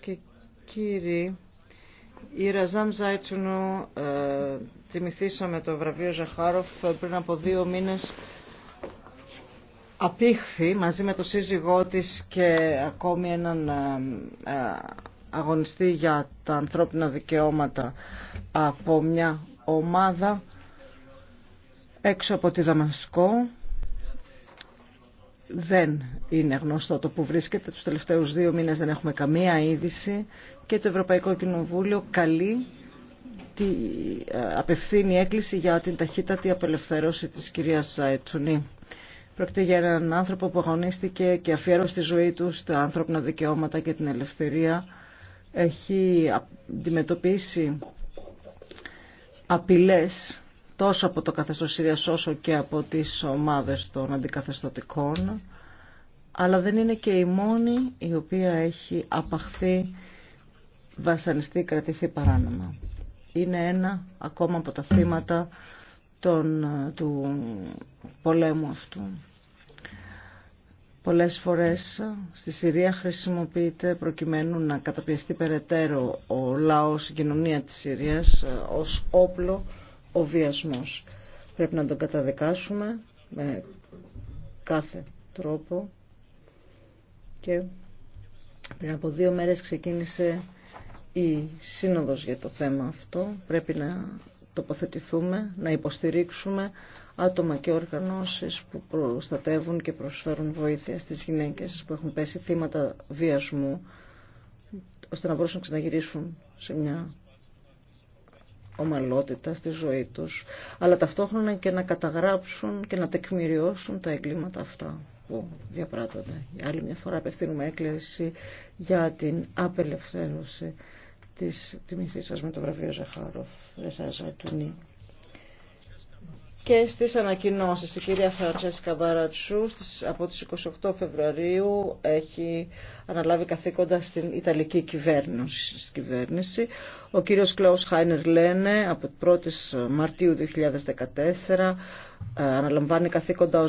και κύριοι, η Ραζάμ Ζάιτσουνου ε, τιμηθήσαμε το βραβείο Ζαχάροφ πριν από δύο μήνες απήχθη μαζί με το σύζυγό της και ακόμη έναν ε, ε, αγωνιστή για τα ανθρώπινα δικαιώματα από μια ομάδα έξω από τη Δαμασκό δεν είναι γνωστό το που βρίσκεται. Τους τελευταίους δύο μήνες δεν έχουμε καμία είδηση και το Ευρωπαϊκό Κοινοβούλιο καλεί τη ε, απευθύνει έκκληση για την ταχύτατη απελευθέρωση της κυρίας Ζαϊτσουνή. Πρόκειται για έναν άνθρωπο που αγωνίστηκε και αφιέρωσε τη ζωή του στα ανθρώπινα δικαιώματα και την ελευθερία. Έχει αντιμετωπίσει απειλές τόσο από το καθεστώς Συρίας όσο και από τις ομάδες των αντικαθεστωτικών αλλά δεν είναι και η μόνη η οποία έχει απαχθεί, βασανιστεί, κρατηθεί παράνομα. Είναι ένα ακόμα από τα θύματα των, του πολέμου αυτού. Πολλές φορές στη Συρία χρησιμοποιείται προκειμένου να καταπιεστεί περαιτέρω ο λαός, η κοινωνία της Συρίας ε, ως όπλο ο βιασμός. Πρέπει να τον καταδικάσουμε με κάθε τρόπο και πριν από δύο μέρες ξεκίνησε η σύνοδος για το θέμα αυτό. Πρέπει να τοποθετηθούμε, να υποστηρίξουμε άτομα και οργανώσεις που προστατεύουν και προσφέρουν βοήθεια στις γυναίκες που έχουν πέσει θύματα βιασμού ώστε να μπορούν να ξαναγυρίσουν σε μια ομαλότητα στη ζωή τους, αλλά ταυτόχρονα και να καταγράψουν και να τεκμηριώσουν τα εγκλήματα αυτά που διαπράττονται. Για άλλη μια φορά απευθύνουμε έκκληση για την απελευθέρωση της τιμηθής σας με το βραβείο Ζαχάροφ, Ρεσάζα και στις ανακοινώσεις. Η κυρία Φραντσέσκα Μπαρατσού από τις 28 Φεβρουαρίου έχει αναλάβει καθήκοντα στην Ιταλική κυβέρνηση. κυβέρνηση. Ο κύριος Κλάους Χάινερ Λένε από 1 Μαρτίου 2014 ε, αναλαμβάνει καθήκοντα ως